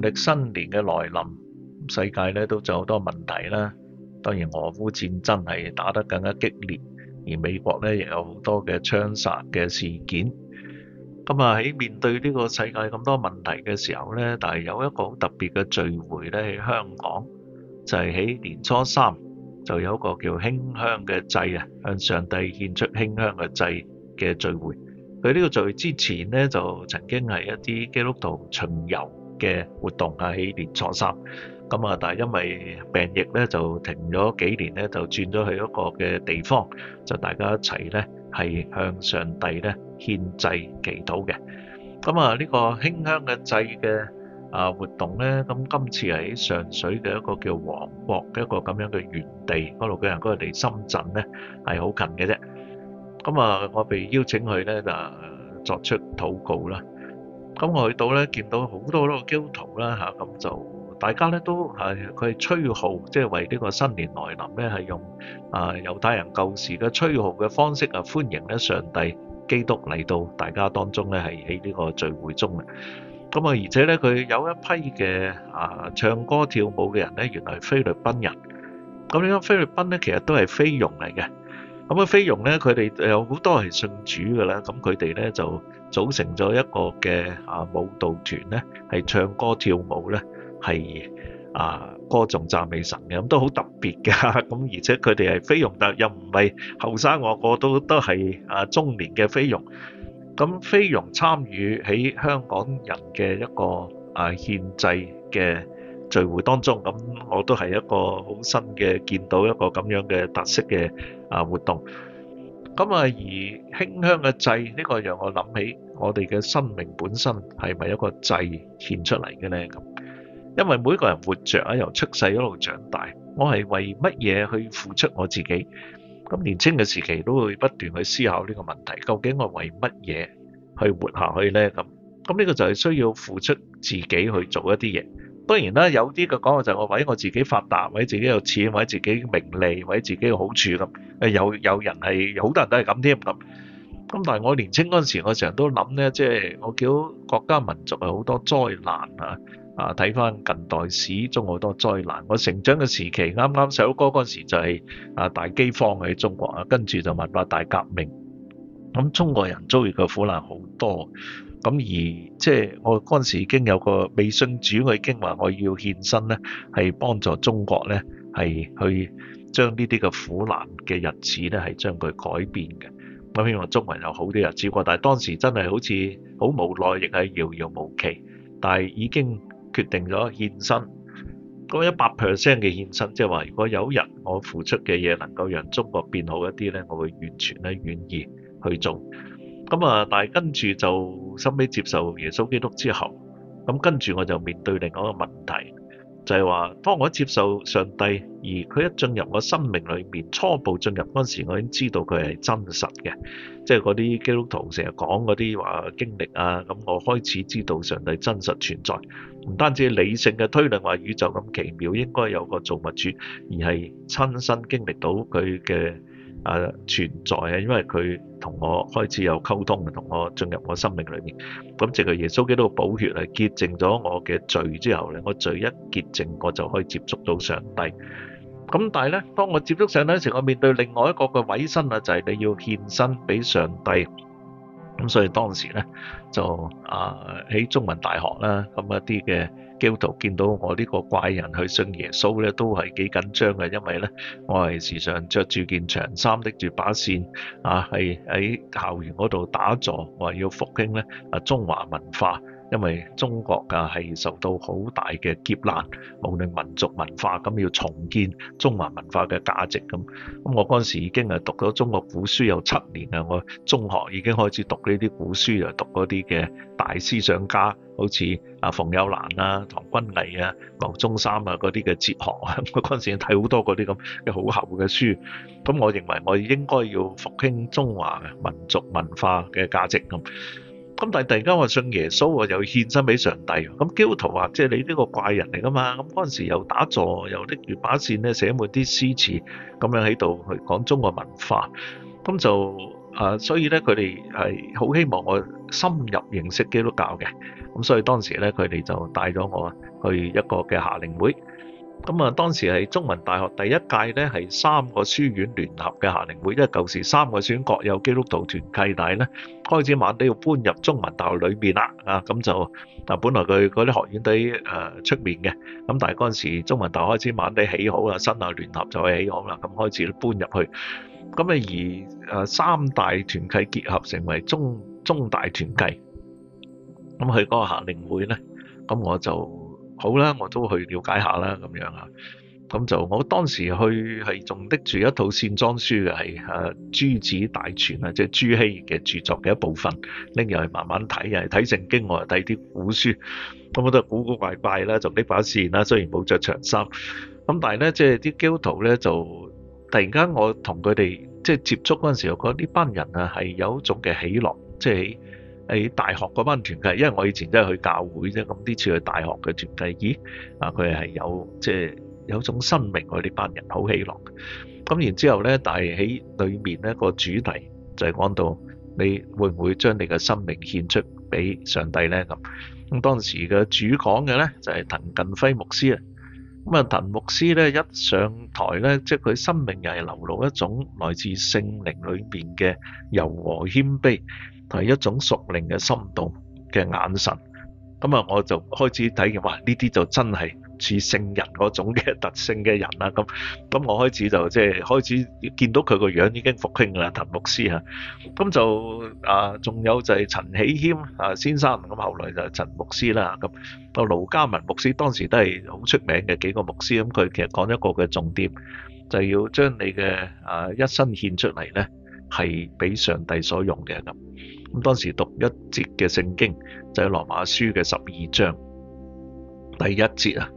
歷新年嘅來臨，世界咧，都就好多問題啦。當然俄烏戰爭係打得更加激烈，而美國咧，亦有好多嘅槍殺嘅事件。咁啊，喺面對呢個世界咁多問題嘅時候咧，但係有一個好特別嘅聚會咧，喺香港就係、是、喺年初三就有一個叫馨香嘅祭啊，向上帝獻出馨香嘅祭嘅聚會。佢、這、呢個聚會之前咧就曾經係一啲基督徒巡遊。嘅活動喺年初三，咁啊，但係因為病疫咧就停咗幾年咧，就轉咗去一個嘅地方，就大家一齊咧係向上帝咧獻祭祈禱嘅。咁啊，呢個馨香嘅祭嘅啊活動咧，咁今次係喺上水嘅一個叫黃博嘅一個咁樣嘅園地嗰度嘅人，嗰個地離深圳咧係好近嘅啫。咁啊，我被邀請去咧就作出禱告啦。咁我去到咧，見到好多個基督徒啦嚇，咁、啊、就大家咧都係佢係吹號，即、就、係、是、為呢個新年來臨咧，係用啊猶太人舊時嘅吹號嘅方式啊，歡迎咧上帝基督嚟到大家當中咧，係喺呢個聚會中啊。咁啊，而且咧佢有一批嘅啊唱歌跳舞嘅人咧，原來係菲律賓人。咁呢啲菲律賓咧，其實都係菲傭嚟嘅。咁啊，菲傭咧，佢哋有好多係信主嘅啦。咁佢哋咧就組成咗一個嘅啊舞蹈團咧，係唱歌跳舞咧，係啊歌頌讚美神嘅，咁都好特別嘅。咁而且佢哋係菲傭，但又唔係後生，我個都都係啊中年嘅菲傭。咁菲傭參與喺香港人嘅一個啊獻祭嘅聚會當中，咁我都係一個好新嘅見到一個咁樣嘅特色嘅啊活動。咁啊，而馨香嘅祭呢個，讓我諗起我哋嘅生命本身係咪一個祭獻出嚟嘅呢？咁因為每個人活着啊，由出世一路長大，我係為乜嘢去付出我自己？咁年輕嘅時期都會不斷去思考呢個問題，究竟我為乜嘢去活下去呢？咁咁呢個就係需要付出自己去做一啲嘢。當然啦，有啲嘅講法就係為咗我自己發達，為自己有錢，為自己名利，為自己嘅好處咁。誒，有有人係好多人都係咁添咁。咁但係我年青嗰陣時，我成日都諗呢，即係我見到國家民族係好多災難啊！啊，睇翻近代史中好多災難。我成長嘅時期，啱啱首歌嗰陣時就係啊大饑荒喺中國啊，跟住就文化大革命。咁中國人遭遇嘅苦難好多。咁而即係我嗰陣時已經有個微信主，我已經話我要獻身咧，係幫助中國咧，係去將呢啲嘅苦難嘅日子咧，係將佢改變嘅。咁希望中文有好啲日子過，但係當時真係好似好無奈，亦係遙遙無期。但係已經決定咗獻身，嗰一百 percent 嘅獻身，即係話如果有一日我付出嘅嘢能夠讓中國變好一啲咧，我會完全咧願意去做。咁啊！但係跟住就收尾接受耶穌基督之後，咁跟住我就面對另外一個問題，就係話：當我接受上帝，而佢一進入我生命裏面，初步進入嗰陣時，我已經知道佢係真實嘅，即係嗰啲基督徒成日講嗰啲話經歷啊，咁我開始知道上帝真實存在，唔單止理性嘅推論話宇宙咁奇妙應該有個造物主，而係親身經歷到佢嘅。啊，存在嘅，因為佢同我開始有溝通，同我進入我生命裏面。咁藉著耶穌基督嘅寶血嚟潔淨咗我嘅罪之後咧，我罪一潔淨，我就可以接觸到上帝。咁但係咧，當我接觸上帝時，我面對另外一個嘅委身啊，就係你要獻身俾上帝。所以當時咧就啊，喺中文大學啦，咁一啲嘅基督徒見到我呢個怪人去信耶穌咧都係幾緊張嘅。因為咧我係時常着住件長衫，拎住把扇啊，係喺校園嗰度打坐，我係要復興咧啊中華文化。因為中國啊係受到好大嘅劫難，無論民族文化，咁要重建中華文化嘅價值咁。咁我嗰陣時已經係讀咗中國古書有七年啦，我中學已經開始讀呢啲古書，又讀嗰啲嘅大思想家，好似啊馮友蘭啊、唐君毅啊、牟宗三啊嗰啲嘅哲學啊。我嗰時睇好多嗰啲咁嘅好厚嘅書，咁我認為我應該要復興中華嘅民族文化嘅價值咁。咁但係突然間話信耶穌喎，又獻身俾上帝喎。咁基督徒話：即係你呢個怪人嚟噶嘛？咁嗰陣時又打坐，又拎住把扇咧寫滿啲詩詞，咁樣喺度去講中國文化。咁就啊，所以咧佢哋係好希望我深入認識基督教嘅。咁所以當時咧佢哋就帶咗我去一個嘅夏令會。咁啊，當時係中文大學第一屆咧，係三個書院聯合嘅夏令會，因為舊時三個書院有基督徒團契大咧，開始晚都要搬入中文大學裏面啦。啊，咁就但、啊、本來佢嗰啲學院都係、呃、出面嘅，咁但係嗰時中文大學開始晚啲起好啦，新校聯合就會起好啦，咁、嗯、開始搬入去。咁啊，而三大團契結合成為中中大團契，咁佢嗰個夏令會咧，咁我就。好啦，我都去了解下啦，咁樣啊，咁就我當時去係仲拎住一套線裝書嘅，係啊朱子大全啊，即係朱熹嘅著作嘅一部分拎入去慢慢睇啊，睇聖經我又睇啲古書，咁我都古古怪怪啦，就拎把扇啦，雖然冇着長衫，咁但係咧即係啲基督徒咧就突然間我同佢哋即係接觸嗰陣時候，我覺得呢班人啊係有一種嘅喜樂，即係。喺大學嗰班團契，因為我以前都係去教會啫，咁呢次去大學嘅團契，咦啊，佢係有即係、就是、有一種生命，佢哋班人好喜樂。咁然之後咧，但係喺裏面咧、那個主題就係講到你會唔會將你嘅生命獻出俾上帝咧？咁咁當時嘅主講嘅咧就係、是、滕近輝牧師啊。咁啊滕牧師咧一上台咧，即係佢生命又係流露一種來自聖靈裏邊嘅柔和謙卑。係一種屬靈嘅心動嘅眼神，咁啊我就開始睇見話呢啲就真係似聖人嗰種嘅特性嘅人啦，咁咁我開始就即係、就是、開始見到佢個樣已經復興啦，藤牧啊、陳，陳牧師啊，咁就啊仲有就係陳喜謙啊先生，咁後來就陳牧師啦，咁個盧嘉文牧師當時都係好出名嘅幾個牧師，咁佢其實講一個嘅重點，就要將你嘅啊一生獻出嚟咧，係俾上帝所用嘅咁。咁當時讀一節嘅聖經就係羅馬書嘅十二章第一節啊，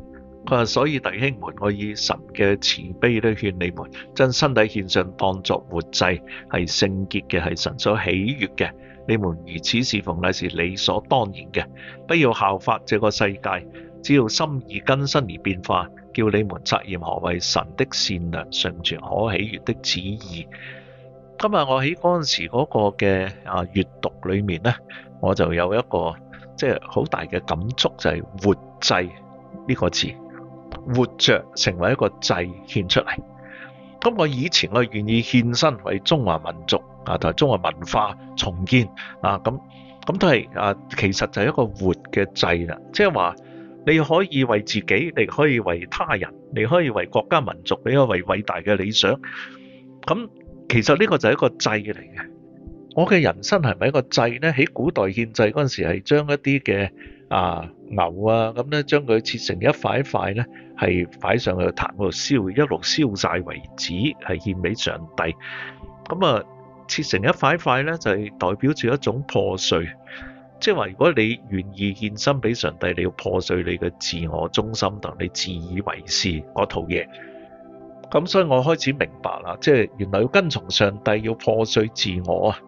佢話：所以弟兄們，我以神嘅慈悲咧勸你們，將身體獻上當作活祭，係聖潔嘅，係神所喜悅嘅。你們如此侍奉，乃是理所當然嘅。不要效法這個世界，只要心意更新而變化，叫你們察驗何為神的善良、純全、可喜悅的旨意。今日我喺嗰陣時嗰個嘅啊閱讀裏面咧，我就有一個即係好大嘅感觸，就係、是、活祭呢個字，活着成為一個祭獻出嚟。咁我以前我願意獻身為中華民族啊，同埋中華文化重建啊，咁咁都係啊，其實就係一個活嘅祭啦。即係話你可以為自己，你可以為他人，你可以為國家民族，你可以為偉大嘅理想，咁。其實呢個就係一個祭嚟嘅。我嘅人生係咪一個祭呢？喺古代獻祭嗰陣時，係將一啲嘅啊牛啊咁咧，將佢切成一塊一塊咧，係擺上去壇嗰度燒，一路燒晒為止，係獻俾上帝。咁、嗯、啊，切成一塊一塊咧，就係代表住一種破碎。即係話，如果你願意獻身俾上帝，你要破碎你嘅自我中心同你自以為是嗰套嘢。咁，所以我開始明白啦，即係原來要跟從上帝，要破碎自我啊！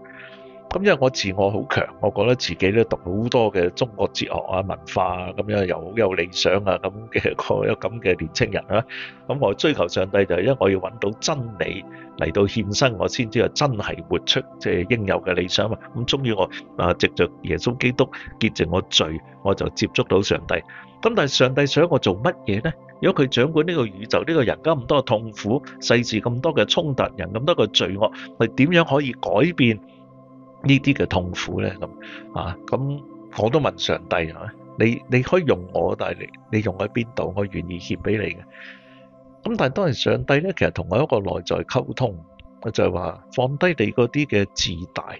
咁因為我自我好強，我覺得自己咧讀好多嘅中國哲學啊、文化啊咁樣又好有，有理想啊，咁嘅個一咁嘅年青人啊，咁我追求上帝就係因為我要揾到真理嚟到獻身，我先知道真係活出即係應有嘅理想啊。咁終於我啊藉着耶穌基督潔淨我罪，我就接觸到上帝。咁但係上帝想我做乜嘢咧？如果佢掌管呢個宇宙呢個人家咁多痛苦、世事咁多嘅衝突、人咁多嘅罪惡，係點樣可以改變？呢啲嘅痛苦咧咁啊，咁我都問上帝啊，你你可以用我，但係你你用喺邊度，我願意獻俾你嘅。咁但係當然上帝咧，其實同我一個內在溝通，就係話放低你嗰啲嘅自大，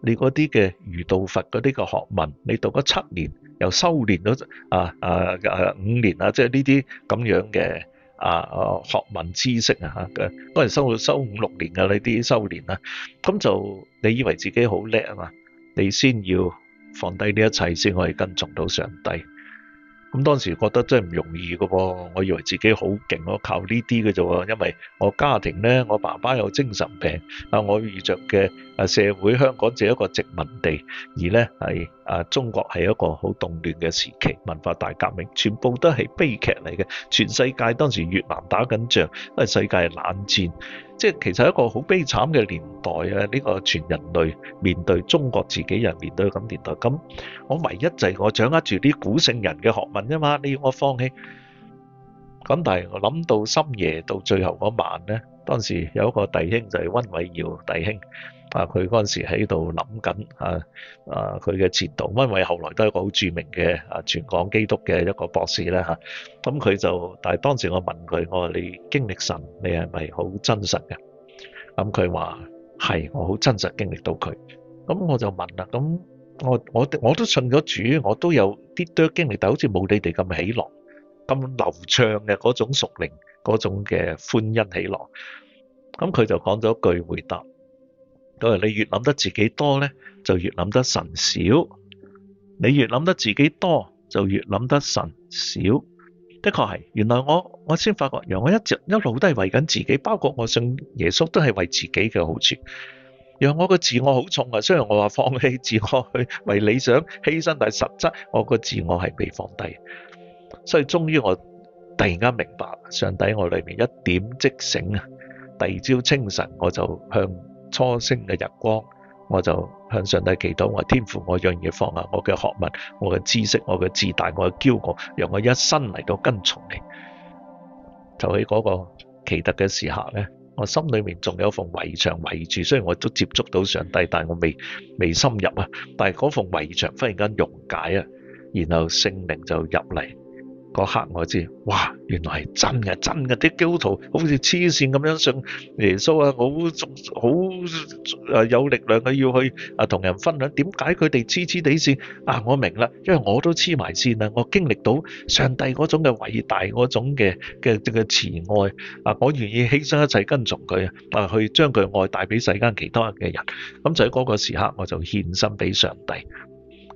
你嗰啲嘅儒道佛嗰啲嘅學問，你讀咗七年又修練咗啊啊啊五年啊，即係呢啲咁樣嘅。啊！哦，學問知識啊嚇，嗰人修學修五六年嘅呢啲修年啊，咁就你以為自己好叻啊嘛？你先要放低呢一切先可以跟從到上帝。咁當時覺得真係唔容易㗎喎。我以為自己好勁咯，我靠呢啲嘅啫喎。因為我家庭咧，我爸爸有精神病，啊我遇着嘅社會香港只係一個殖民地，而咧係中國係一個好動亂嘅時期，文化大革命全部都係悲劇嚟嘅。全世界當時越南打緊仗，啊世界係冷戰。即係其實一個好悲慘嘅年代啊！呢個全人類面對，中國自己人面對咁年代。咁我唯一就係我掌握住啲古聖人嘅學問啫嘛，你要我放棄咁，但係我諗到深夜到最後嗰晚咧，當時有一個弟兄就係温偉耀弟兄。啊！佢嗰陣時喺度諗緊啊啊！佢嘅前途，因為後來都係一個好著名嘅啊，全港基督嘅一個博士咧嚇。咁佢就，但係當時我問佢：我話你經歷神，你係咪好真實嘅？咁佢話：係，我好真實經歷到佢。咁我就問啦：咁我我我都信咗主，我都有啲多經歷，但係好似冇你哋咁喜樂、咁流暢嘅嗰種屬靈嗰種嘅歡欣喜樂。咁佢就講咗句回答。到時你越諗得自己多咧，就越諗得神少。你越諗得自己多，就越諗得，得，得神少。的確係，原來我我先發覺，讓我一直一路都係為緊自己，包括我信耶穌都係為自己嘅好處。讓我個自我好重啊！雖然我話放棄自我去為理想犧牲，但係實質我個自我係未放低，所以終於我突然間明白上帝我裏面一點即醒啊！第二朝清晨我就向。初升嘅日光，我就向上帝祈禱，我話天父，我讓嘢放下我嘅學問、我嘅知識、我嘅自大、我嘅驕傲，讓我一生嚟到跟從你。就喺嗰個奇特嘅時刻咧，我心裏面仲有一份圍牆圍住，雖然我都接觸到上帝，但係我未未深入啊。但係嗰份圍牆忽然間溶解啊，然後聖靈就入嚟。嗰刻我知，哇！原來係真嘅，真嘅啲基督徒好似黐線咁樣信耶穌啊，好好誒有力量嘅，要去誒同人分享。點解佢哋黐黐地線？啊，我明啦，因為我都黐埋線啦，我經歷到上帝嗰種嘅偉大嗰種嘅嘅嘅慈愛啊，我願意犧牲一切跟從佢啊，去將佢愛帶俾世間其他人嘅人。咁就喺嗰個時刻，我就獻身俾上帝。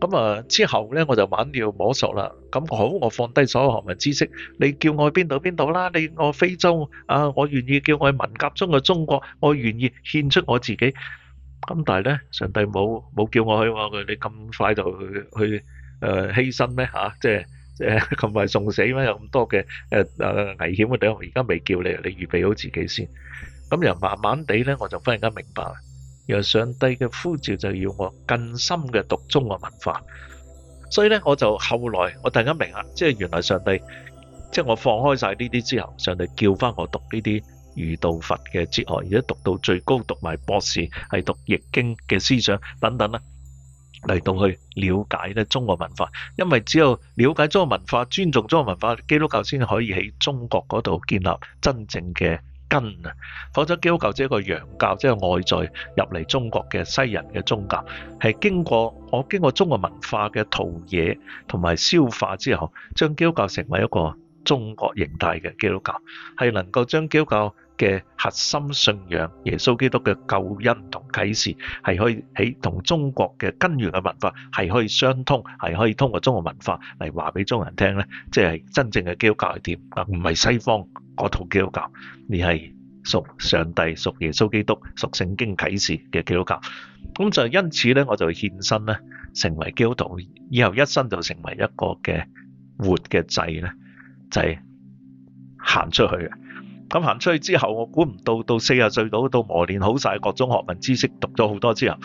咁啊，之後咧我就玩要摸索啦。咁好，我放低所有學問知識，你叫我去邊度邊度啦？你我非洲啊，我願意叫我去文革中嘅中國，我願意獻出我自己。咁但係咧，上帝冇冇叫我去喎，你咁快就去誒、呃、犧牲咩？吓、啊，即係即係同埋送死咩？呃、有咁多嘅誒危險嘅地方，而家未叫你，你預備好自己先。咁又慢慢地咧，我就忽然間明白。由上帝嘅呼召就要我更深嘅讀中國文化，所以咧我就後來我突然間明啦，即係原來上帝即係我放開晒呢啲之後，上帝叫翻我讀呢啲儒道佛嘅哲學，而家讀到最高，讀埋博士係讀《易經》嘅思想等等啦，嚟到去了解咧中國文化，因為只有了解中國文化、尊重中國文化，基督教先可以喺中國嗰度建立真正嘅根啊！否則基督教只係一個洋教，即係外在入嚟中國嘅西人嘅宗教，係經過我經過中國文化嘅陶冶同埋消化之後，將基督教成為一個中國形態嘅基督教，係能夠將基督教嘅核心信仰，耶穌基督嘅救恩同啟示，係可以喺同中國嘅根源嘅文化係可以相通，係可以通過中國文化嚟話俾中人聽咧，即係真正嘅基督教係點啊？唔係西方嗰套基督教，而係屬上帝、屬耶穌基督、屬聖經啟示嘅基督教。咁就因此咧，我就會獻身咧，成為基督徒，以後一生就成為一個嘅活嘅祭咧，就係行出去。咁行出去之後，我估唔到到四十歲到，到，到磨練好晒各種學問知識，讀咗好多之後，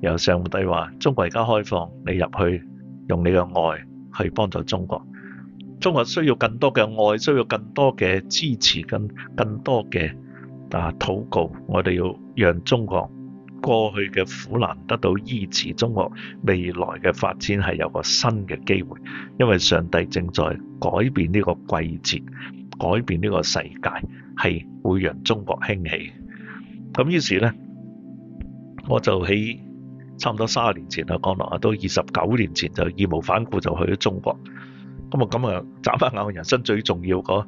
由上帝話：中國而家開放，你入去用你嘅愛去幫助中國。中國需要更多嘅愛，需要更多嘅支持，更，更多嘅啊禱告。我哋要讓中國過去嘅苦難得到醫治，中國未來嘅發展係有個新嘅機會，因為上帝正在改變呢個季節。改變呢個世界係會讓中國興起的，咁於是呢，我就喺差唔多三十年前啦，講落，啊，都二十九年前就義無反顧就去咗中國。咁啊，眨翻眼，我人生最重要嗰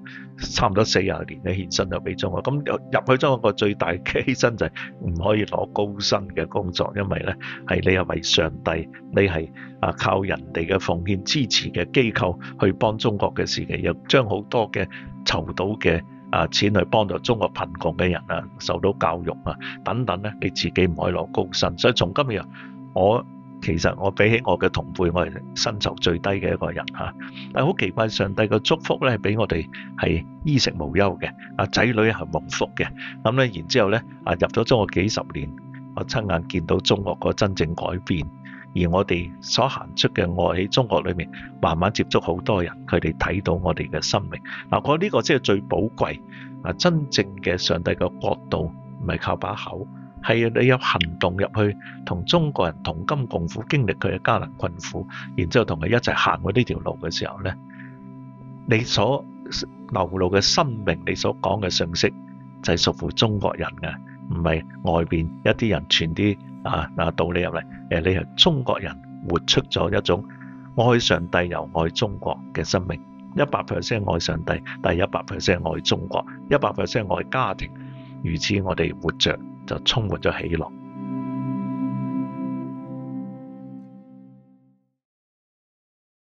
差唔多四十年嘅獻身就俾中國。咁入入去中國個最大嘅犧牲就係唔可以攞高薪嘅工作，因為咧係你係為上帝，你係啊靠人哋嘅奉獻支持嘅機構去幫中國嘅事嘅，又將好多嘅籌到嘅啊錢去幫助中國貧窮嘅人啊受到教育啊等等咧，你自己唔可以攞高薪。所以從今日我。其實我比起我嘅同輩，我係薪酬最低嘅一個人嚇。但好奇怪，上帝嘅祝福咧，係俾我哋係衣食無憂嘅。阿仔女係幸福嘅。咁咧，然之後咧，啊入咗中國幾十年，我親眼見到中國個真正改變。而我哋所行出嘅愛，喺中國裏面慢慢接觸好多人，佢哋睇到我哋嘅生命。嗱，我呢個即係最寶貴啊！真正嘅上帝個國度，唔係靠把口。係你有行動入去，同中國人同甘共苦，經歷佢嘅艱難困苦，然之後同佢一齊行過呢條路嘅時候呢，你所流露嘅生命，你所講嘅信息就係屬乎中國人嘅，唔係外邊一啲人傳啲啊嗱道理入嚟。誒，你係中國人活出咗一種愛上帝又愛中國嘅生命，一百 percent 愛上帝，但係一百 percent 愛中國，一百 percent 愛家庭，如此我哋活著。就充滿咗喜樂。